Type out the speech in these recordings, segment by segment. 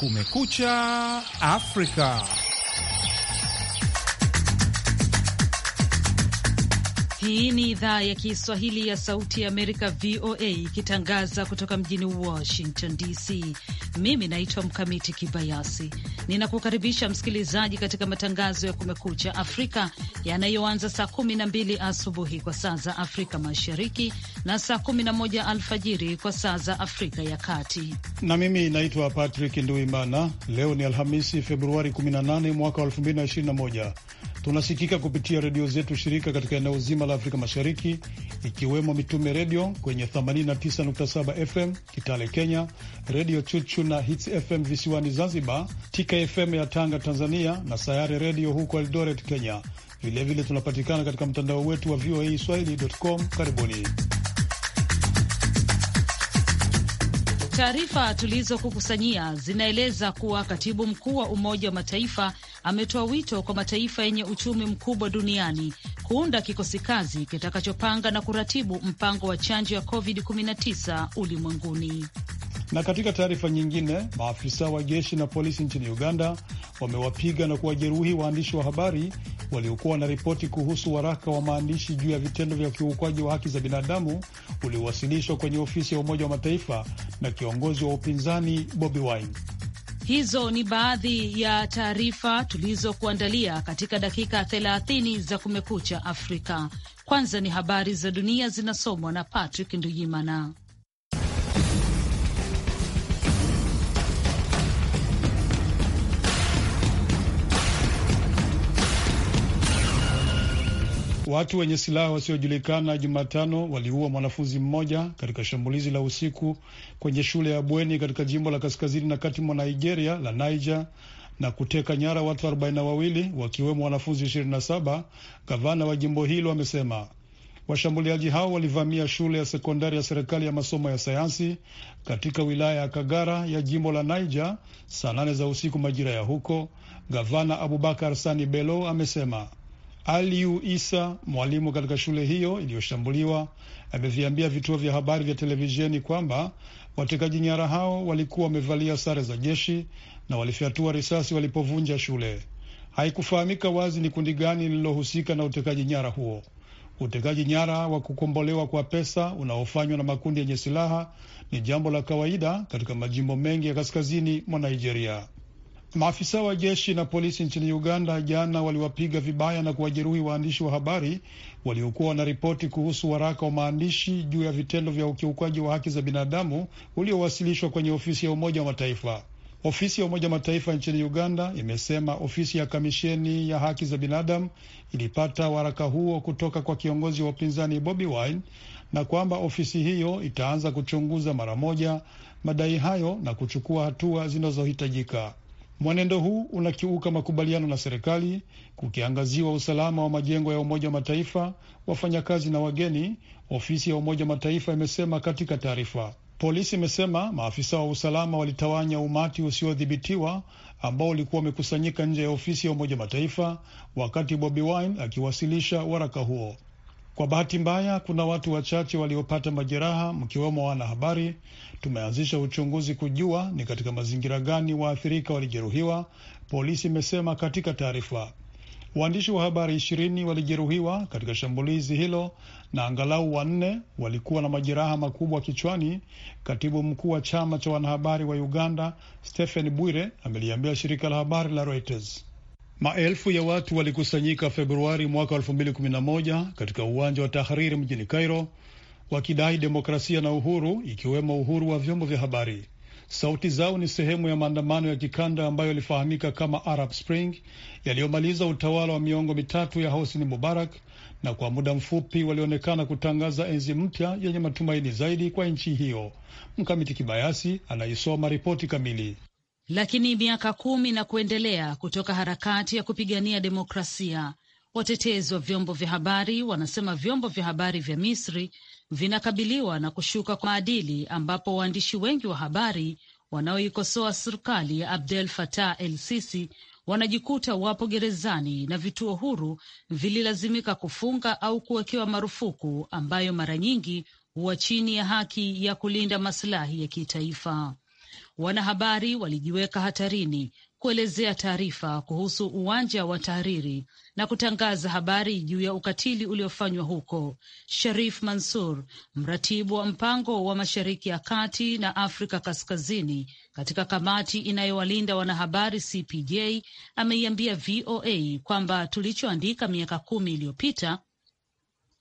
Kumekucha Afrika. Hii ni idhaa ya Kiswahili ya Sauti ya Amerika, VOA, ikitangaza kutoka mjini Washington DC. Mimi naitwa Mkamiti Kibayasi, ninakukaribisha msikilizaji katika matangazo ya Kumekucha Afrika yanayoanza saa 12 asubuhi kwa saa za Afrika Mashariki na saa 11 alfajiri kwa saa za Afrika ya Kati. Na mimi naitwa Patrick Nduimana. Leo ni Alhamisi, Februari 18 mwaka 2021. Tunasikika kupitia redio zetu shirika katika eneo zima la Afrika Mashariki, ikiwemo Mitume Redio kwenye 89.7 FM Kitale Kenya, Redio Chuchu na Hits FM visiwani Zanzibar, fm ya Tanga Tanzania, na Sayare Redio huko Eldoret Kenya. Vilevile tunapatikana katika mtandao wetu wa VOA Swahili.com. Karibuni. Taarifa tulizokukusanyia zinaeleza kuwa katibu mkuu wa Umoja wa Mataifa ametoa wito kwa mataifa yenye uchumi mkubwa duniani kuunda kikosi kazi kitakachopanga na kuratibu mpango wa chanjo ya COVID-19 ulimwenguni. Na katika taarifa nyingine, maafisa wa jeshi na polisi nchini Uganda wamewapiga na kuwajeruhi waandishi wa habari waliokuwa ripoti kuhusu waraka wa maandishi juu ya vitendo vya ukiukwaji wa haki za binadamu uliowasilishwa kwenye ofisi ya Umoja wa Mataifa na kiongozi wa upinzani Bobi Wine. Hizo ni baadhi ya taarifa tulizokuandalia katika dakika 30 za Kumekucha Afrika. Kwanza ni habari za dunia zinasomwa na Patrick Nduyimana. Watu wenye silaha wasiojulikana Jumatano waliua mwanafunzi mmoja katika shambulizi la usiku kwenye shule ya bweni katika jimbo la kaskazini na kati mwa Nigeria la Niger na kuteka nyara watu arobaini wawili wakiwemo wanafunzi 27, Gavana wa jimbo hilo amesema washambuliaji hao walivamia shule ya sekondari ya serikali ya masomo ya sayansi katika wilaya ya Kagara ya jimbo la Niger saa nane za usiku majira ya huko. Gavana Abubakar Sani Bello amesema Aliu Isa, mwalimu katika shule hiyo iliyoshambuliwa, ameviambia vituo vya habari vya televisheni kwamba watekaji nyara hao walikuwa wamevalia sare za jeshi na walifyatua risasi walipovunja shule. Haikufahamika wazi ni kundi gani lililohusika na utekaji nyara huo. Utekaji nyara wa kukombolewa kwa pesa unaofanywa na makundi yenye silaha ni jambo la kawaida katika majimbo mengi ya kaskazini mwa Nigeria. Maafisa wa jeshi na polisi nchini Uganda jana waliwapiga vibaya na kuwajeruhi waandishi wa habari waliokuwa wanaripoti kuhusu waraka wa maandishi juu ya vitendo vya ukiukwaji wa haki za binadamu uliowasilishwa kwenye ofisi ya Umoja wa Mataifa. Ofisi ya Umoja wa Mataifa nchini Uganda imesema ofisi ya kamisheni ya haki za binadamu ilipata waraka huo kutoka kwa kiongozi wa upinzani Bobi Wine na kwamba ofisi hiyo itaanza kuchunguza mara moja madai hayo na kuchukua hatua zinazohitajika. Mwenendo huu unakiuka makubaliano na serikali, kukiangaziwa usalama wa majengo ya Umoja wa Mataifa, wafanyakazi na wageni, ofisi ya Umoja wa Mataifa imesema katika taarifa. Polisi imesema maafisa wa usalama walitawanya umati usiodhibitiwa ambao ulikuwa wamekusanyika nje ya ofisi ya Umoja wa Mataifa wakati Bobi Wine akiwasilisha waraka huo. Kwa bahati mbaya, kuna watu wachache waliopata majeraha, mkiwemo wanahabari. Tumeanzisha uchunguzi kujua ni katika mazingira gani waathirika walijeruhiwa, polisi imesema katika taarifa. Waandishi wa habari ishirini walijeruhiwa katika shambulizi hilo na angalau wanne walikuwa na majeraha makubwa kichwani. Katibu mkuu wa chama cha wanahabari wa Uganda Stephen Bwire ameliambia shirika la habari la Reuters. Maelfu ya watu walikusanyika Februari mwaka 2011 katika uwanja wa Tahariri mjini Cairo wakidai demokrasia na uhuru, ikiwemo uhuru wa vyombo vya habari. Sauti zao ni sehemu ya maandamano ya kikanda ambayo yalifahamika kama Arab Spring, yaliyomaliza utawala wa miongo mitatu ya Hosni Mubarak na kwa muda mfupi walionekana kutangaza enzi mpya yenye matumaini zaidi kwa nchi hiyo. Mkamiti Kibayasi anaisoma ripoti kamili lakini miaka kumi na kuendelea kutoka harakati ya kupigania demokrasia. Watetezi wa vyombo vya habari wanasema vyombo vya habari vya Misri vinakabiliwa na kushuka kwa maadili, ambapo waandishi wengi wa habari wanaoikosoa serikali ya Abdel Fattah El Sisi wanajikuta wapo gerezani na vituo huru vililazimika kufunga au kuwekewa marufuku, ambayo mara nyingi huwa chini ya haki ya kulinda masilahi ya kitaifa. Wanahabari walijiweka hatarini kuelezea taarifa kuhusu uwanja wa tahariri na kutangaza habari juu ya ukatili uliofanywa huko. Sharif Mansur, mratibu wa mpango wa Mashariki ya Kati na Afrika Kaskazini katika kamati inayowalinda wanahabari CPJ, ameiambia VOA kwamba tulichoandika miaka kumi iliyopita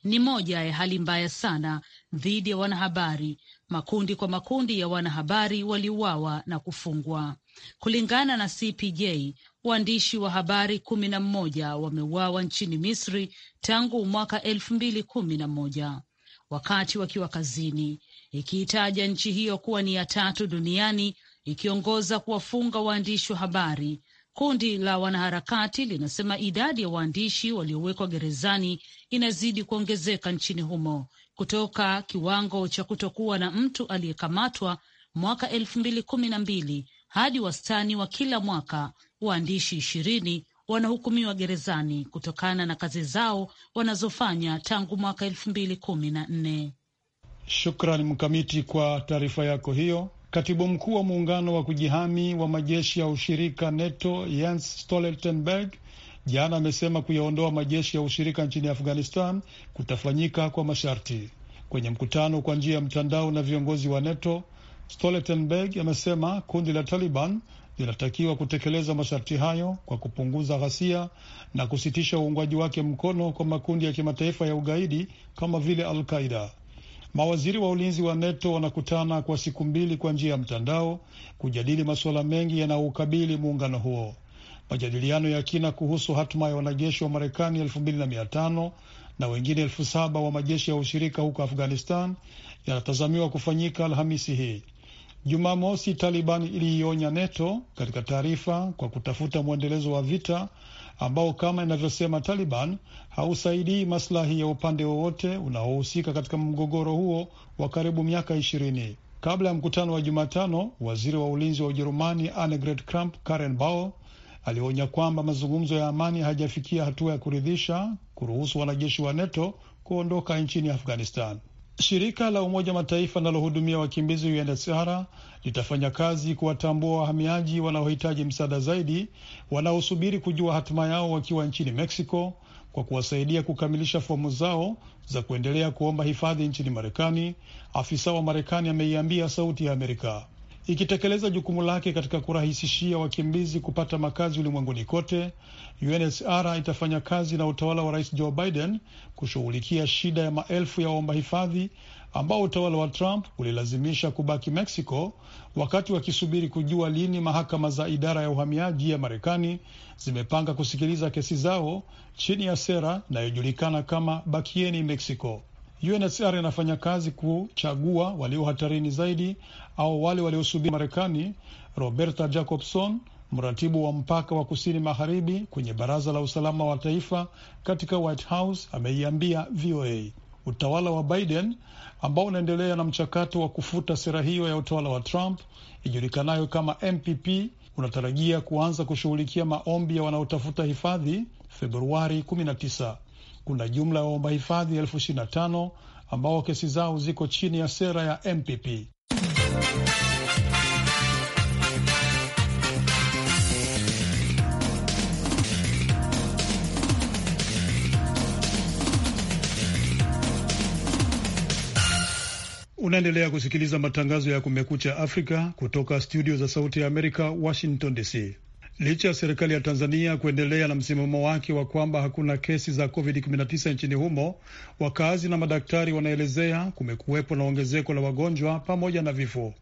ni moja ya hali mbaya sana dhidi ya wanahabari Makundi kwa makundi ya wanahabari waliuawa na kufungwa. Kulingana na CPJ, waandishi wa habari kumi na mmoja wameuawa nchini Misri tangu mwaka elfu mbili kumi na moja wakati wakiwa kazini, ikiitaja nchi hiyo kuwa ni ya tatu duniani ikiongoza kuwafunga waandishi wa habari. Kundi la wanaharakati linasema idadi ya waandishi waliowekwa gerezani inazidi kuongezeka nchini humo kutoka kiwango cha kutokuwa na mtu aliyekamatwa mwaka elfu mbili kumi na mbili hadi wastani wa kila mwaka waandishi ishirini wanahukumiwa gerezani kutokana na kazi zao wanazofanya tangu mwaka elfu mbili kumi na nne. Shukran Mkamiti kwa taarifa yako hiyo. Katibu mkuu wa muungano wa kujihami wa majeshi ya ushirika NATO Jens Stoltenberg jana amesema kuyaondoa majeshi ya ushirika nchini Afghanistan kutafanyika kwa masharti. Kwenye mkutano kwa njia ya mtandao na viongozi wa NATO, Stoltenberg amesema kundi la Taliban linatakiwa kutekeleza masharti hayo kwa kupunguza ghasia na kusitisha uungwaji wake mkono kwa makundi ya kimataifa ya ugaidi kama vile Al Qaida. Mawaziri wa ulinzi wa NATO wanakutana kwa siku mbili kwa njia ya mtandao kujadili masuala mengi yanayoukabili muungano huo majadiliano ya kina kuhusu hatima ya wanajeshi wa Marekani elfu mbili na mia tano na wengine elfu saba wa majeshi ya ushirika huko Afghanistan yanatazamiwa kufanyika Alhamisi hii. Jumamosi, Taliban iliionya NATO katika taarifa kwa kutafuta mwendelezo wa vita ambao kama inavyosema Taliban hausaidii maslahi ya upande wowote unaohusika katika mgogoro huo wa karibu miaka ishirini. Kabla ya mkutano wa Jumatano, waziri wa ulinzi wa Ujerumani Annegret Kramp Karrenbauer alionya kwamba mazungumzo ya amani hayajafikia hatua ya kuridhisha kuruhusu wanajeshi wa NATO kuondoka nchini Afghanistan. Shirika la Umoja Mataifa linalohudumia wakimbizi UNHCR litafanya kazi kuwatambua wahamiaji wanaohitaji msaada zaidi wanaosubiri kujua hatima yao wakiwa nchini Mexico kwa kuwasaidia kukamilisha fomu zao za kuendelea kuomba hifadhi nchini Marekani, afisa wa Marekani ameiambia Sauti ya Amerika ikitekeleza jukumu lake katika kurahisishia wakimbizi kupata makazi ulimwenguni kote. UNHCR itafanya kazi na utawala wa Rais Joe Biden kushughulikia shida ya maelfu ya waomba hifadhi ambao utawala wa Trump ulilazimisha kubaki Mexico wakati wakisubiri kujua lini mahakama za idara ya uhamiaji ya Marekani zimepanga kusikiliza kesi zao chini ya sera inayojulikana kama bakieni Mexico. UNHCR inafanya kazi kuchagua walio hatarini zaidi au wale waliosubiri Marekani. Roberta Jacobson, mratibu wa mpaka wa kusini magharibi kwenye baraza la usalama wa taifa katika White House, ameiambia VOA utawala wa Biden ambao unaendelea na mchakato wa kufuta sera hiyo ya utawala wa Trump ijulikanayo kama MPP unatarajia kuanza kushughulikia maombi ya wanaotafuta hifadhi Februari 19 kuna jumla ya waomba hifadhi elfu ishirini na tano ambao kesi zao ziko chini ya sera ya MPP. Unaendelea kusikiliza matangazo ya Kumekucha Afrika kutoka studio za Sauti ya Amerika, Washington DC. Licha ya serikali ya Tanzania kuendelea na msimamo wake wa kwamba hakuna kesi za COVID-19 nchini humo, wakazi na madaktari wanaelezea kumekuwepo na ongezeko la wagonjwa pamoja na vifo.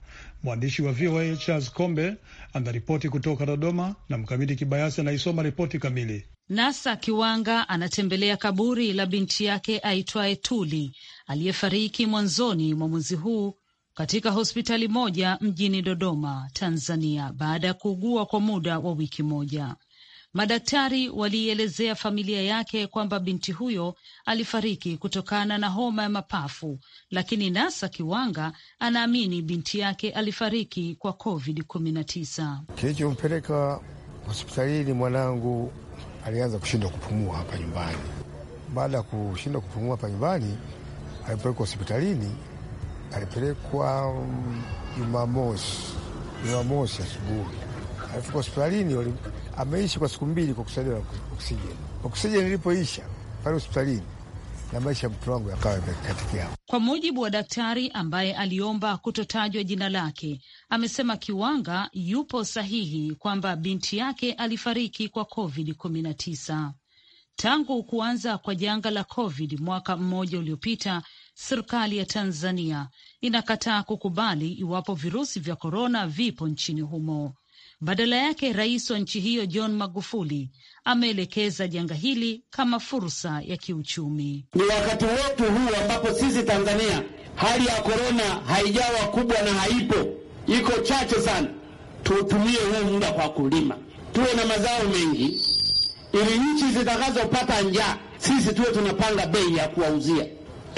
Mwandishi wa VOA Charles Kombe anaripoti kutoka Dodoma na Mkamiti Kibayasi anaisoma ripoti kamili. Nasa Kiwanga anatembelea kaburi la binti yake aitwaye Tuli aliyefariki mwanzoni mwa mwezi huu katika hospitali moja mjini Dodoma, Tanzania, baada ya kuugua kwa muda wa wiki moja. Madaktari waliielezea familia yake kwamba binti huyo alifariki kutokana na homa ya mapafu, lakini Nasa Kiwanga anaamini binti yake alifariki kwa COVID-19. Kilichompeleka hospitalini, mwanangu alianza kushindwa kupumua hapa nyumbani. Baada ya kushindwa kupumua hapa nyumbani, alipelekwa hospitalini alipelekwa um, Jumamosi, Jumamosi asubuhi alifika hospitalini, ameishi kwa siku mbili kwa kusaidiwa oksijeni. Oksijeni ilipoisha pale hospitalini na maisha mtoto wangu yakawa katikia. Kwa mujibu wa daktari ambaye aliomba kutotajwa jina lake, amesema Kiwanga yupo sahihi kwamba binti yake alifariki kwa Covid 19. Tangu kuanza kwa janga la Covid mwaka mmoja uliopita serikali ya Tanzania inakataa kukubali iwapo virusi vya korona vipo nchini humo. Badala yake rais wa nchi hiyo John Magufuli ameelekeza janga hili kama fursa ya kiuchumi. Ni wakati wetu huu ambapo sisi Tanzania hali ya korona haijawa kubwa na haipo, iko chache sana. Tuutumie huu muda kwa kulima, tuwe na mazao mengi, ili nchi zitakazopata njaa sisi tuwe tunapanga bei ya kuwauzia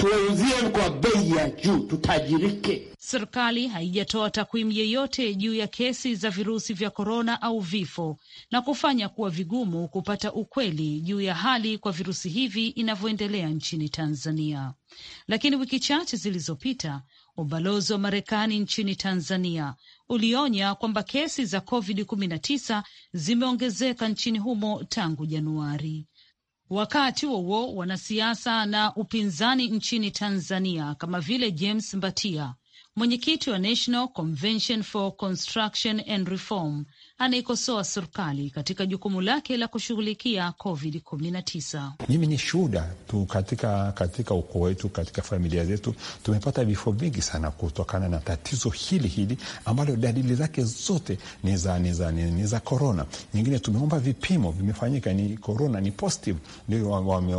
tuwauzie kwa bei ya juu, tutajirike. Serikali haijatoa takwimu yeyote juu ya kesi za virusi vya korona au vifo, na kufanya kuwa vigumu kupata ukweli juu ya hali kwa virusi hivi inavyoendelea nchini Tanzania. Lakini wiki chache zilizopita ubalozi wa Marekani nchini Tanzania ulionya kwamba kesi za COVID-19 zimeongezeka nchini humo tangu Januari. Wakati huo wanasiasa na upinzani nchini Tanzania kama vile James Mbatia mwenyekiti wa National Convention for Construction and Reform anaikosoa serikali katika jukumu lake la kushughulikia COVID-19. Mimi ni shuhuda tu katika, katika ukoo wetu, katika familia zetu tumepata vifo vingi sana kutokana na tatizo hili hili ambalo dalili zake zote ni za ni za ni za korona. Nyingine tumeomba vipimo, vimefanyika ni korona, ni positive, ndio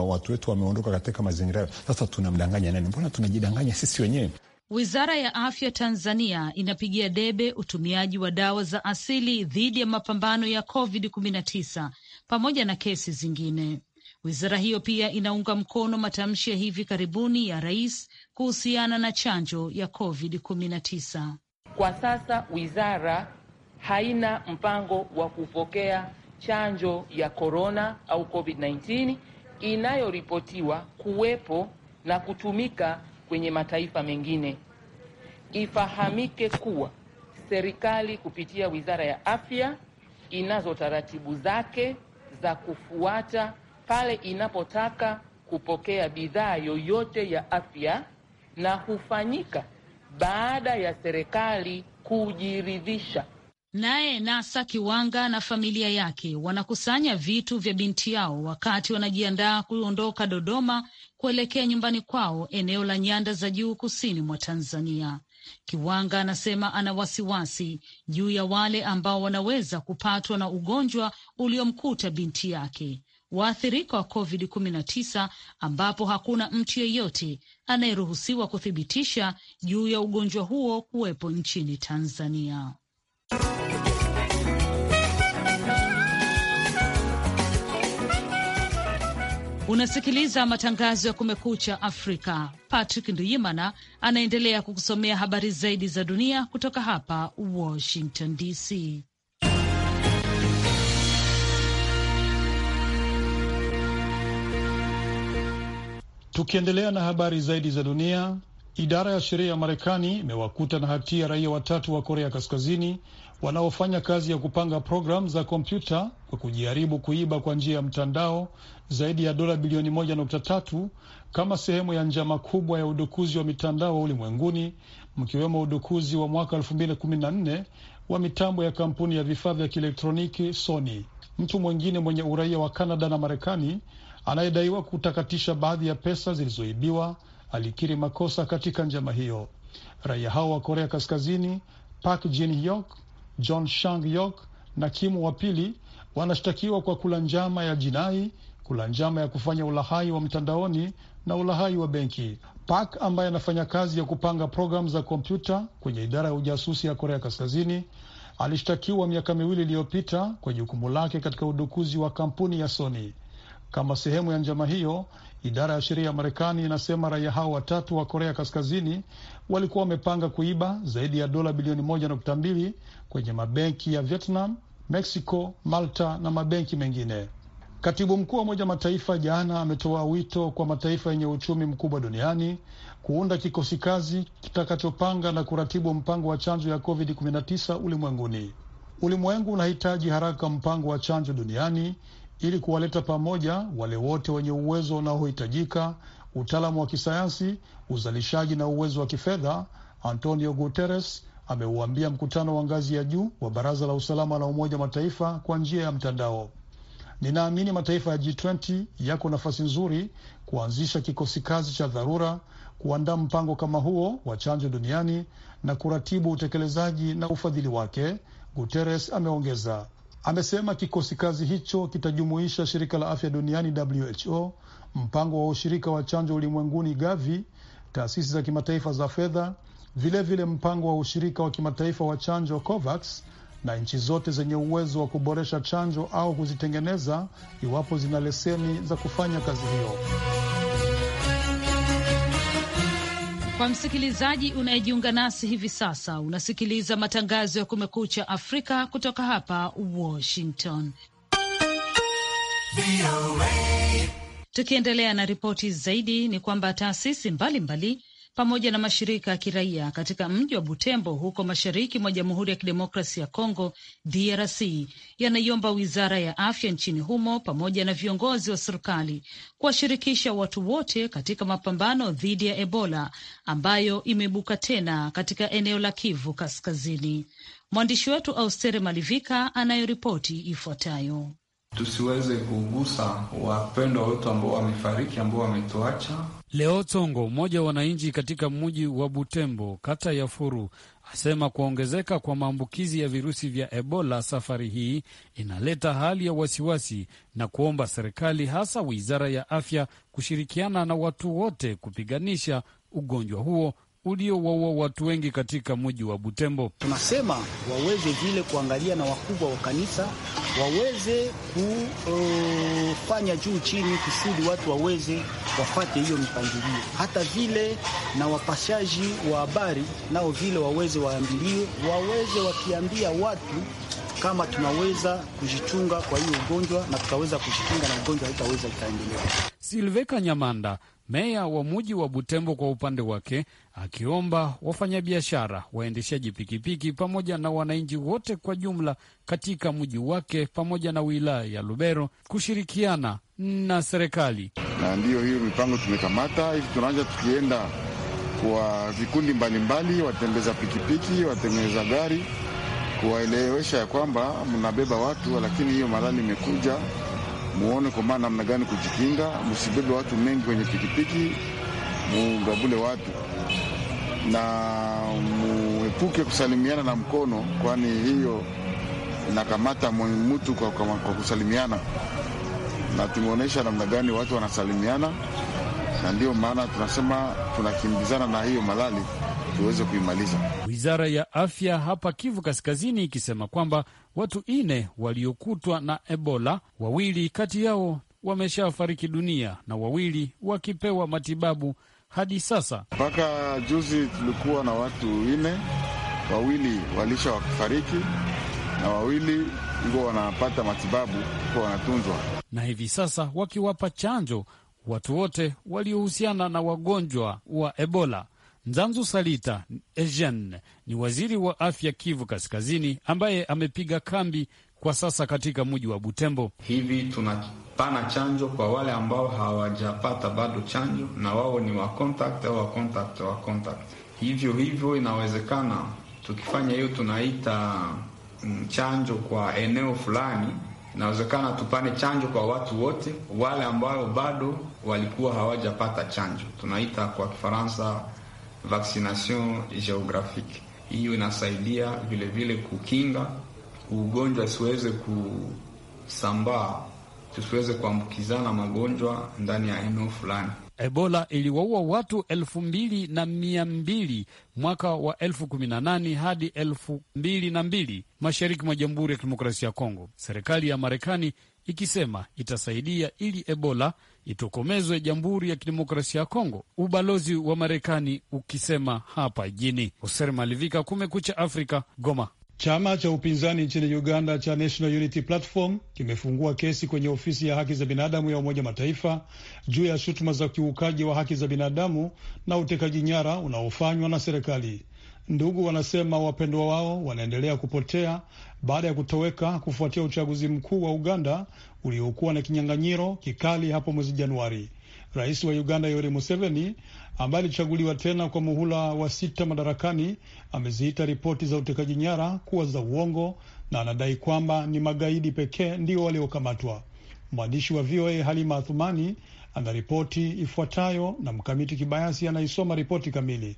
watu wetu wameondoka katika mazingira hayo. Sasa tunamdanganya nani? Mbona tunajidanganya sisi wenyewe? Wizara ya Afya Tanzania inapigia debe utumiaji wa dawa za asili dhidi ya mapambano ya COVID-19 pamoja na kesi zingine. Wizara hiyo pia inaunga mkono matamshi ya hivi karibuni ya rais kuhusiana na chanjo ya COVID-19. Kwa sasa wizara haina mpango wa kupokea chanjo ya korona au COVID-19 inayoripotiwa kuwepo na kutumika kwenye mataifa mengine. Ifahamike kuwa serikali kupitia Wizara ya Afya inazo taratibu zake za kufuata pale inapotaka kupokea bidhaa yoyote ya afya, na hufanyika baada ya serikali kujiridhisha Naye Nasa Kiwanga na familia yake wanakusanya vitu vya binti yao wakati wanajiandaa kuondoka Dodoma kuelekea nyumbani kwao eneo la Nyanda za Juu, kusini mwa Tanzania. Kiwanga anasema ana wasiwasi juu ya wale ambao wanaweza kupatwa na ugonjwa uliomkuta binti yake, waathirika wa COVID-19, ambapo hakuna mtu yeyote anayeruhusiwa kuthibitisha juu ya ugonjwa huo kuwepo nchini Tanzania. Unasikiliza matangazo ya Kumekucha Afrika. Patrick Nduyimana anaendelea kukusomea habari zaidi za dunia kutoka hapa Washington DC. Tukiendelea na habari zaidi za dunia, idara ya sheria ya Marekani imewakuta na hatia raia watatu wa Korea Kaskazini wanaofanya kazi ya kupanga programu za kompyuta kwa kujaribu kuiba kwa njia ya mtandao zaidi ya dola bilioni moja nukta tatu kama sehemu ya njama kubwa ya udukuzi wa mitandao ulimwenguni, mkiwemo udukuzi wa mwaka elfu mbili kumi na nne wa mitambo ya kampuni ya vifaa vya kielektroniki Sony. Mtu mwingine mwenye uraia wa Kanada na Marekani anayedaiwa kutakatisha baadhi ya pesa zilizoibiwa alikiri makosa katika njama hiyo. Raia hao wa Korea Kaskazini, Park Jin Hyok, John Shang Yok na Kimu wa pili wanashtakiwa kwa kula njama ya jinai kula njama ya kufanya ulahai wa mtandaoni na ulahai wa benki. Park ambaye anafanya kazi ya kupanga programu za kompyuta kwenye idara ya ujasusi ya Korea Kaskazini alishtakiwa miaka miwili iliyopita kwa jukumu lake katika udukuzi wa kampuni ya Sony. Kama sehemu ya njama hiyo, idara ya sheria ya Marekani inasema raia hao watatu wa Korea Kaskazini walikuwa wamepanga kuiba zaidi ya dola bilioni moja nukta mbili kwenye mabenki ya Vietnam, Mexico, Malta na mabenki mengine. Katibu mkuu wa Umoja Mataifa jana ametoa wito kwa mataifa yenye uchumi mkubwa duniani kuunda kikosi kazi kitakachopanga na kuratibu mpango wa chanjo ya COVID-19 ulimwenguni. Ulimwengu unahitaji haraka mpango wa chanjo duniani ili kuwaleta pamoja wale wote wenye uwezo unaohitajika, utaalamu wa kisayansi, uzalishaji na uwezo wa kifedha, Antonio Guterres ameuambia mkutano wa ngazi ya juu wa Baraza la Usalama la Umoja Mataifa kwa njia ya mtandao. Ninaamini mataifa ya G20 yako nafasi nzuri kuanzisha kikosi kazi cha dharura, kuandaa mpango kama huo wa chanjo duniani na kuratibu utekelezaji na ufadhili wake, Guterres ameongeza. Amesema kikosi kazi hicho kitajumuisha shirika la afya duniani WHO, mpango wa ushirika wa chanjo ulimwenguni GAVI, taasisi za kimataifa za fedha, vilevile mpango wa ushirika wa kimataifa wa chanjo COVAX na nchi zote zenye uwezo wa kuboresha chanjo au kuzitengeneza iwapo zina leseni za kufanya kazi hiyo. Kwa msikilizaji unayejiunga nasi hivi sasa, unasikiliza matangazo ya Kumekucha Afrika kutoka hapa Washington. Tukiendelea na ripoti zaidi, ni kwamba taasisi mbalimbali pamoja na mashirika ya kiraia katika mji wa Butembo huko mashariki mwa Jamhuri ya Kidemokrasi ya Kongo DRC yanaiomba wizara ya afya nchini humo pamoja na viongozi wa serikali kuwashirikisha watu wote katika mapambano dhidi ya Ebola ambayo imebuka tena katika eneo la Kivu Kaskazini. Mwandishi wetu Austere Malivika anayoripoti ifuatayo. Tusiweze kugusa wapendwa wetu ambao wamefariki, ambao wametuacha Leo Tongo, mmoja wa wananchi katika mji wa Butembo, kata ya Furu, asema kuongezeka kwa maambukizi ya virusi vya Ebola safari hii inaleta hali ya wasiwasi na kuomba serikali, hasa wizara ya afya, kushirikiana na watu wote kupiganisha ugonjwa huo uliowaua watu wengi katika mji wa Butembo. Tunasema waweze vile kuangalia na wakubwa wa kanisa waweze kufanya uh, juu chini, kusudi watu waweze wafate hiyo mipangilio. Hata vile na wapashaji wa habari nao vile waweze waambilie, waweze wakiambia watu kama tunaweza kujichunga kwa hiyo ugonjwa na tutaweza kujichunga na ugonjwa haitaweza ikaendelea. Silveka Nyamanda meya wa muji wa Butembo kwa upande wake akiomba wafanyabiashara, waendeshaji pikipiki pamoja na wananchi wote kwa jumla katika mji wake pamoja na wilaya ya Lubero kushirikiana na serikali. Na ndiyo hiyo mipango tumekamata hivi, tunaanza tukienda kwa vikundi mbalimbali, watembeza pikipiki, watengeneza gari, kuwaelewesha ya kwamba mnabeba watu, lakini hiyo maradhi imekuja muone kwa maana namna gani kujikinga, msibebe watu mengi kwenye pikipiki, mugabule watu na muepuke kusalimiana na mkono, kwani hiyo inakamata mtu kwa, kwa kusalimiana, na tumeonyesha namna gani watu wanasalimiana, na ndiyo maana tunasema tunakimbizana na hiyo malali tuweze kuimaliza. Wizara ya afya hapa Kivu Kaskazini ikisema kwamba watu ine waliokutwa na Ebola, wawili kati yao wameshafariki dunia na wawili wakipewa matibabu hadi sasa. Mpaka juzi tulikuwa na watu ine, wawili walisha wafariki na wawili iko wanapata matibabu iko wanatunzwa, na hivi sasa wakiwapa chanjo watu wote waliohusiana na wagonjwa wa Ebola. Nzanzu Salita Ejene ni waziri wa afya Kivu Kaskazini, ambaye amepiga kambi kwa sasa katika mji wa Butembo. Hivi tunapana chanjo kwa wale ambao hawajapata bado chanjo, na wao ni wa contact au wa contact wa contact. Hivyo hivyo inawezekana tukifanya hiyo, tunaita mm, chanjo kwa eneo fulani inawezekana tupane chanjo kwa watu wote wale ambao bado walikuwa hawajapata chanjo, tunaita kwa Kifaransa vaccination geographic. Hiyo inasaidia vilevile kukinga ugonjwa siweze kusambaa, tusiweze kuambukizana magonjwa ndani ya eneo fulani. Ebola iliwaua watu elfu mbili na mia mbili mwaka wa elfu kumi na nane hadi elfu mbili na mbili mashariki mwa Jamhuri ya Kidemokrasia ya Kongo, serikali ya Marekani ikisema itasaidia ili Ebola itokomezwe Jamhuri ya Kidemokrasia ya Kongo, ubalozi wa Marekani ukisema hapa jini. Hoser Malivika, Kumekucha Afrika, Goma. Chama cha upinzani nchini Uganda cha National Unity Platform kimefungua kesi kwenye ofisi ya haki za binadamu ya Umoja Mataifa juu ya shutuma za ukiukaji wa haki za binadamu na utekaji nyara unaofanywa na serikali. Ndugu wanasema wapendwa wao wanaendelea kupotea baada ya kutoweka kufuatia uchaguzi mkuu wa Uganda uliokuwa na kinyang'anyiro kikali hapo mwezi Januari. Rais wa Uganda Yoweri Museveni ambaye alichaguliwa tena kwa muhula wa sita madarakani ameziita ripoti za utekaji nyara kuwa za uongo na anadai kwamba ni magaidi pekee ndio waliokamatwa. Mwandishi wa VOA Halima Athumani ana ripoti ifuatayo na Mkamiti Kibayasi anaisoma ripoti kamili.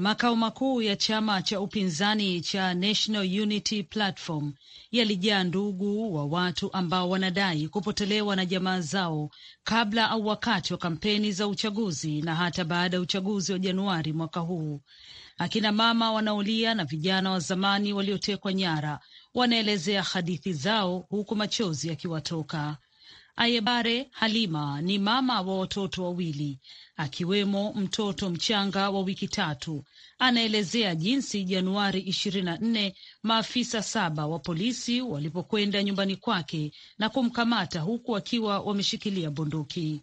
Makao makuu ya chama cha upinzani cha National Unity Platform yalijaa ndugu wa watu ambao wanadai kupotelewa na jamaa zao kabla au wakati wa kampeni za uchaguzi na hata baada ya uchaguzi wa Januari mwaka huu. Akina mama wanaolia na vijana wa zamani waliotekwa nyara wanaelezea hadithi zao huku machozi yakiwatoka. Ayebare Halima ni mama wa watoto wawili akiwemo mtoto mchanga wa wiki tatu. Anaelezea jinsi Januari 24 maafisa saba wa polisi walipokwenda nyumbani kwake na kumkamata huku akiwa wameshikilia bunduki.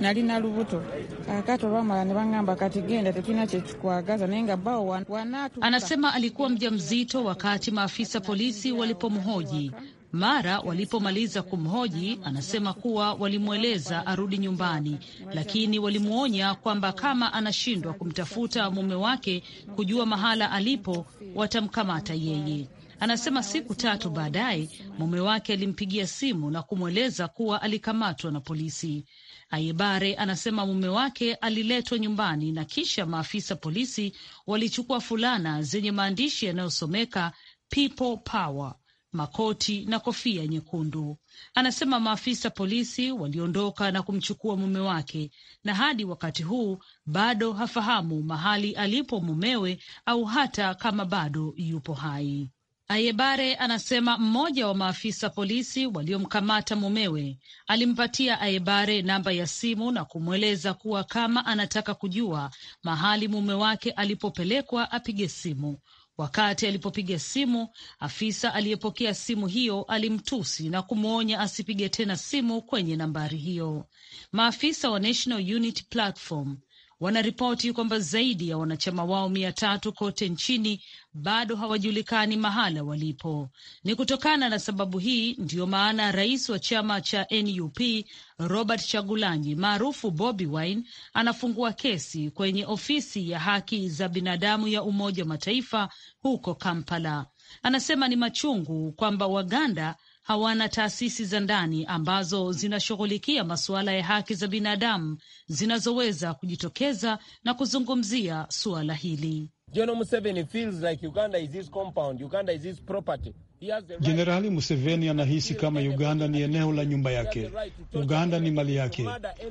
nalina lubuto akatolwamala ne bang'amba kati genda tetina kyekikuagaza bao wanatu. Anasema alikuwa mjamzito wakati maafisa polisi walipomhoji mara walipomaliza kumhoji, anasema kuwa walimweleza arudi nyumbani, lakini walimwonya kwamba kama anashindwa kumtafuta mume wake kujua mahala alipo, watamkamata yeye. Anasema siku tatu baadaye mume wake alimpigia simu na kumweleza kuwa alikamatwa na polisi. Ayebare anasema mume wake aliletwa nyumbani na kisha maafisa polisi walichukua fulana zenye maandishi yanayosomeka people power makoti na kofia nyekundu. Anasema maafisa polisi waliondoka na kumchukua mume wake, na hadi wakati huu bado hafahamu mahali alipo mumewe au hata kama bado yupo hai. Ayebare anasema mmoja wa maafisa polisi waliomkamata mumewe alimpatia Ayebare namba ya simu na kumweleza kuwa kama anataka kujua mahali mume wake alipopelekwa apige simu. Wakati alipopiga simu, afisa aliyepokea simu hiyo alimtusi na kumwonya asipige tena simu kwenye nambari hiyo. Maafisa wa National Unity Platform wanaripoti kwamba zaidi ya wanachama wao mia tatu kote nchini bado hawajulikani mahala walipo. Ni kutokana na sababu hii ndiyo maana rais wa chama cha NUP Robert Chagulanyi maarufu Bobi Wine anafungua kesi kwenye ofisi ya haki za binadamu ya Umoja wa Mataifa huko Kampala. Anasema ni machungu kwamba Waganda hawana taasisi za ndani ambazo zinashughulikia masuala ya haki za binadamu zinazoweza kujitokeza na kuzungumzia suala hili. Jenerali Museveni anahisi kama Uganda ni eneo la nyumba yake, Uganda ni mali yake.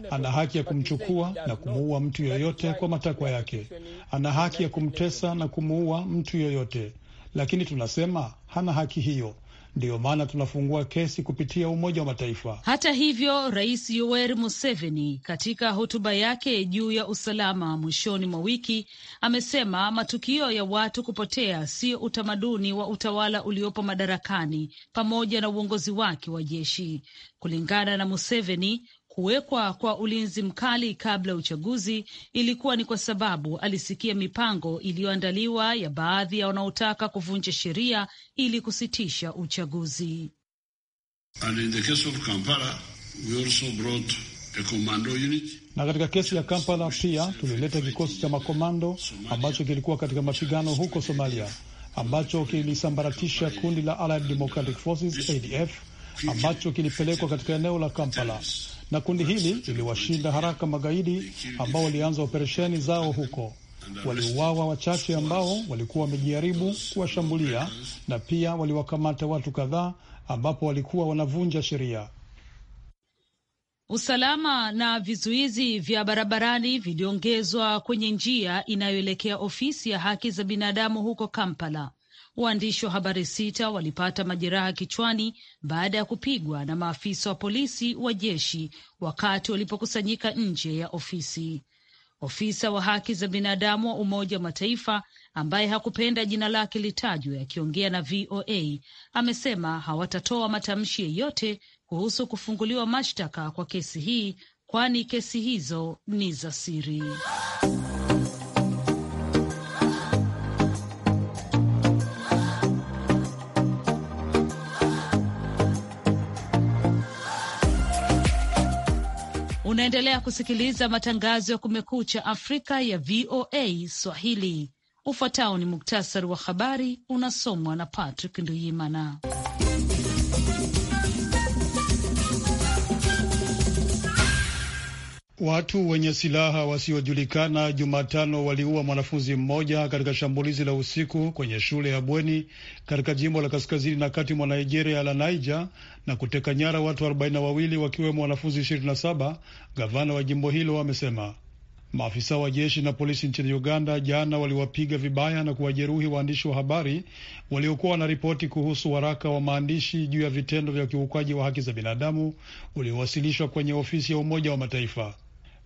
Ana haki ya kumchukua na kumuua mtu yoyote kwa matakwa yake, ana haki ya kumtesa na kumuua mtu yoyote, lakini tunasema hana haki hiyo Ndiyo maana tunafungua kesi kupitia Umoja wa Mataifa. Hata hivyo, Rais Yoweri Museveni katika hotuba yake juu ya usalama mwishoni mwa wiki amesema matukio ya watu kupotea sio utamaduni wa utawala uliopo madarakani pamoja na uongozi wake wa jeshi. Kulingana na Museveni, Kuwekwa kwa ulinzi mkali kabla ya uchaguzi ilikuwa ni kwa sababu alisikia mipango iliyoandaliwa ya baadhi ya wanaotaka kuvunja sheria ili kusitisha uchaguzi. na katika kesi ya Kampala pia tulileta kikosi cha makomando ambacho kilikuwa katika mapigano huko Somalia, ambacho kilisambaratisha kundi la Allied Democratic Forces ADF ambacho kilipelekwa katika eneo la Kampala na kundi hili liliwashinda haraka magaidi ambao walianza operesheni zao huko. Waliuawa wachache ambao walikuwa wamejaribu kuwashambulia, na pia waliwakamata watu kadhaa ambapo walikuwa wanavunja sheria. Usalama na vizuizi vya barabarani viliongezwa kwenye njia inayoelekea ofisi ya haki za binadamu huko Kampala Waandishi wa habari sita walipata majeraha kichwani baada ya kupigwa na maafisa wa polisi wa jeshi wakati walipokusanyika nje ya ofisi. Ofisa wa haki za binadamu wa Umoja wa Mataifa ambaye hakupenda jina lake litajwe, akiongea na VOA amesema hawatatoa matamshi yeyote kuhusu kufunguliwa mashtaka kwa kesi hii, kwani kesi hizo ni za siri. Unaendelea kusikiliza matangazo ya Kumekucha Afrika ya VOA Swahili. Ufuatao ni muktasari wa habari unasomwa na Patrick Nduyimana. Watu wenye silaha wasiojulikana Jumatano waliua mwanafunzi mmoja katika shambulizi la usiku kwenye shule ya bweni katika jimbo la kaskazini na kati mwa Nigeria la Niger na kuteka nyara watu arobaini wawili wakiwemo wanafunzi 27, Gavana wa jimbo hilo wamesema maafisa wa jeshi na polisi nchini Uganda jana waliwapiga vibaya na kuwajeruhi waandishi wa habari waliokuwa wanaripoti kuhusu waraka wa maandishi juu ya vitendo vya ukiukaji wa haki za binadamu uliowasilishwa kwenye ofisi ya Umoja wa Mataifa.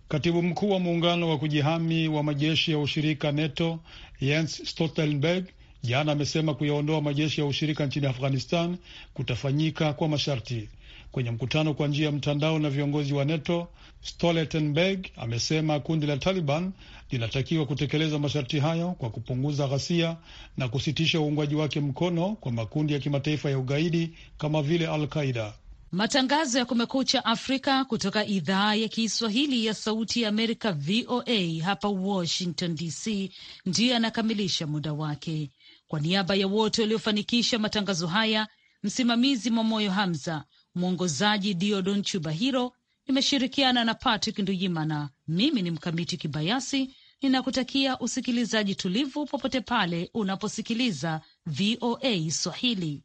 Katibu mkuu wa muungano wa kujihami wa majeshi ya ushirika NATO Jens Stoltenberg jana amesema kuyaondoa majeshi ya ushirika nchini Afghanistan kutafanyika kwa masharti. Kwenye mkutano kwa njia ya mtandao na viongozi wa NATO, Stoltenberg amesema kundi la Taliban linatakiwa kutekeleza masharti hayo kwa kupunguza ghasia na kusitisha uungwaji wake mkono kwa makundi ya kimataifa ya ugaidi kama vile Al Qaida. Matangazo ya Kumekucha Afrika kutoka idhaa ya Kiswahili ya Sauti ya Amerika, VOA hapa Washington DC, ndiyo yanakamilisha muda wake. Kwa niaba ya wote waliofanikisha matangazo haya, msimamizi Mwamoyo Hamza, mwongozaji Diodon Chubahiro, nimeshirikiana na Patrick Nduyimana. Mimi ni Mkamiti Kibayasi, ninakutakia usikilizaji tulivu popote pale unaposikiliza VOA Swahili.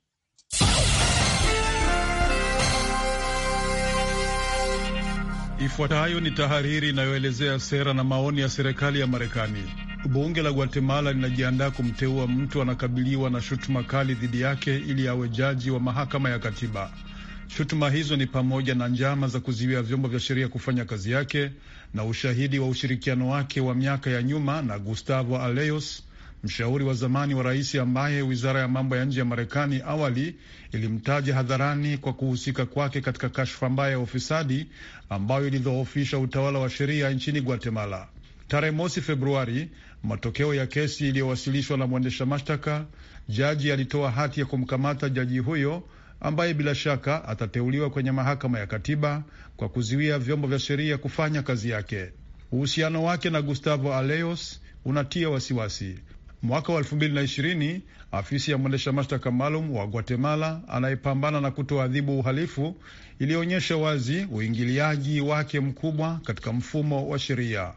Ifuatayo ni tahariri inayoelezea sera na maoni ya serikali ya Marekani. Bunge la Guatemala linajiandaa kumteua mtu anakabiliwa na shutuma kali dhidi yake ili awe jaji wa mahakama ya katiba. Shutuma hizo ni pamoja na njama za kuziwia vyombo vya sheria kufanya kazi yake na ushahidi wa ushirikiano wake wa miaka ya nyuma na Gustavo aleos mshauri wa zamani wa rais ambaye wizara ya mambo ya nje ya Marekani awali ilimtaja hadharani kwa kuhusika kwake katika kashfa mbaya ya ufisadi ambayo ilidhoofisha utawala wa sheria nchini Guatemala. Tarehe mosi Februari, matokeo ya kesi iliyowasilishwa na mwendesha mashtaka, jaji alitoa hati ya kumkamata jaji huyo ambaye bila shaka atateuliwa kwenye mahakama ya katiba kwa kuziwia vyombo vya sheria kufanya kazi yake. Uhusiano wake na Gustavo Aleos unatia wasiwasi. Mwaka wa ishirini afisi ya mwendesha mashtaka maalum wa Guatemala anayepambana na kutoadhibu uhalifu ilionyesha wazi uingiliaji wake mkubwa katika mfumo wa sheria.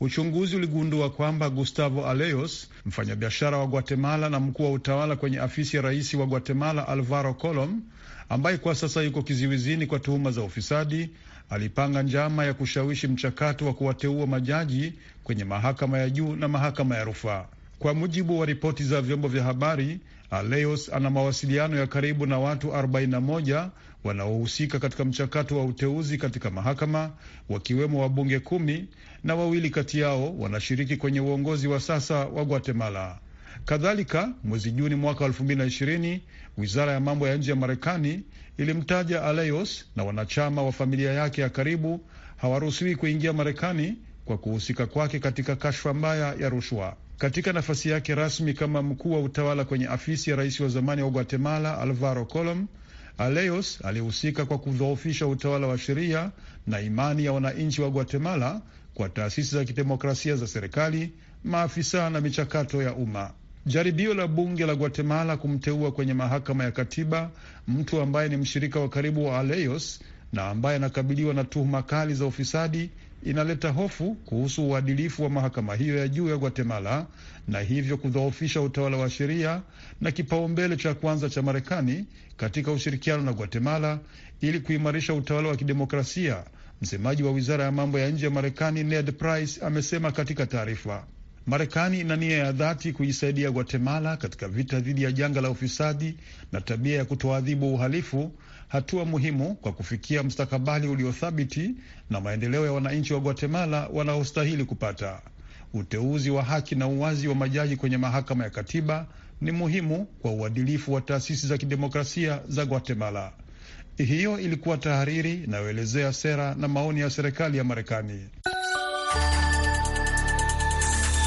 Uchunguzi uligundua kwamba Gustavo aleos mfanyabiashara wa Guatemala na mkuu wa utawala kwenye afisi ya rais wa Guatemala Alvaro Colom, ambaye kwa sasa yuko kiziwizini kwa tuhuma za ufisadi, alipanga njama ya kushawishi mchakato wa kuwateua majaji kwenye mahakama ya juu na mahakama ya rufaa. Kwa mujibu wa ripoti za vyombo vya habari, Aleos ana mawasiliano ya karibu na watu 41 wanaohusika katika mchakato wa uteuzi katika mahakama, wakiwemo wabunge kumi na wawili kati yao wanashiriki kwenye uongozi wa sasa wa Guatemala. Kadhalika, mwezi Juni mwaka 2020 wizara ya mambo ya nje ya Marekani ilimtaja Aleos na wanachama wa familia yake ya karibu hawaruhusiwi kuingia Marekani kwa kuhusika kwake katika kashfa mbaya ya rushwa katika nafasi yake rasmi kama mkuu wa utawala kwenye afisi ya rais wa zamani wa Guatemala Alvaro Colom. aleos alihusika kwa kudhoofisha utawala wa sheria na imani ya wananchi wa Guatemala kwa taasisi za kidemokrasia za serikali, maafisa na michakato ya umma. Jaribio la bunge la Guatemala kumteua kwenye mahakama ya katiba mtu ambaye ni mshirika wa karibu wa aleos na ambaye anakabiliwa na tuhuma kali za ufisadi inaleta hofu kuhusu uadilifu wa mahakama hiyo ya juu ya Guatemala na hivyo kudhoofisha utawala wa sheria na kipaumbele cha kwanza cha Marekani katika ushirikiano na Guatemala ili kuimarisha utawala wa kidemokrasia. Msemaji wa wizara ya mambo ya nje ya Marekani Ned Price amesema katika taarifa, Marekani ina nia ya dhati kuisaidia Guatemala katika vita dhidi ya janga la ufisadi na tabia ya kutoadhibu uhalifu hatua muhimu kwa kufikia mstakabali uliothabiti na maendeleo ya wananchi wa Guatemala wanaostahili kupata. Uteuzi wa haki na uwazi wa majaji kwenye mahakama ya katiba ni muhimu kwa uadilifu wa taasisi za kidemokrasia za Guatemala. Hiyo ilikuwa tahariri inayoelezea sera na maoni ya serikali ya Marekani.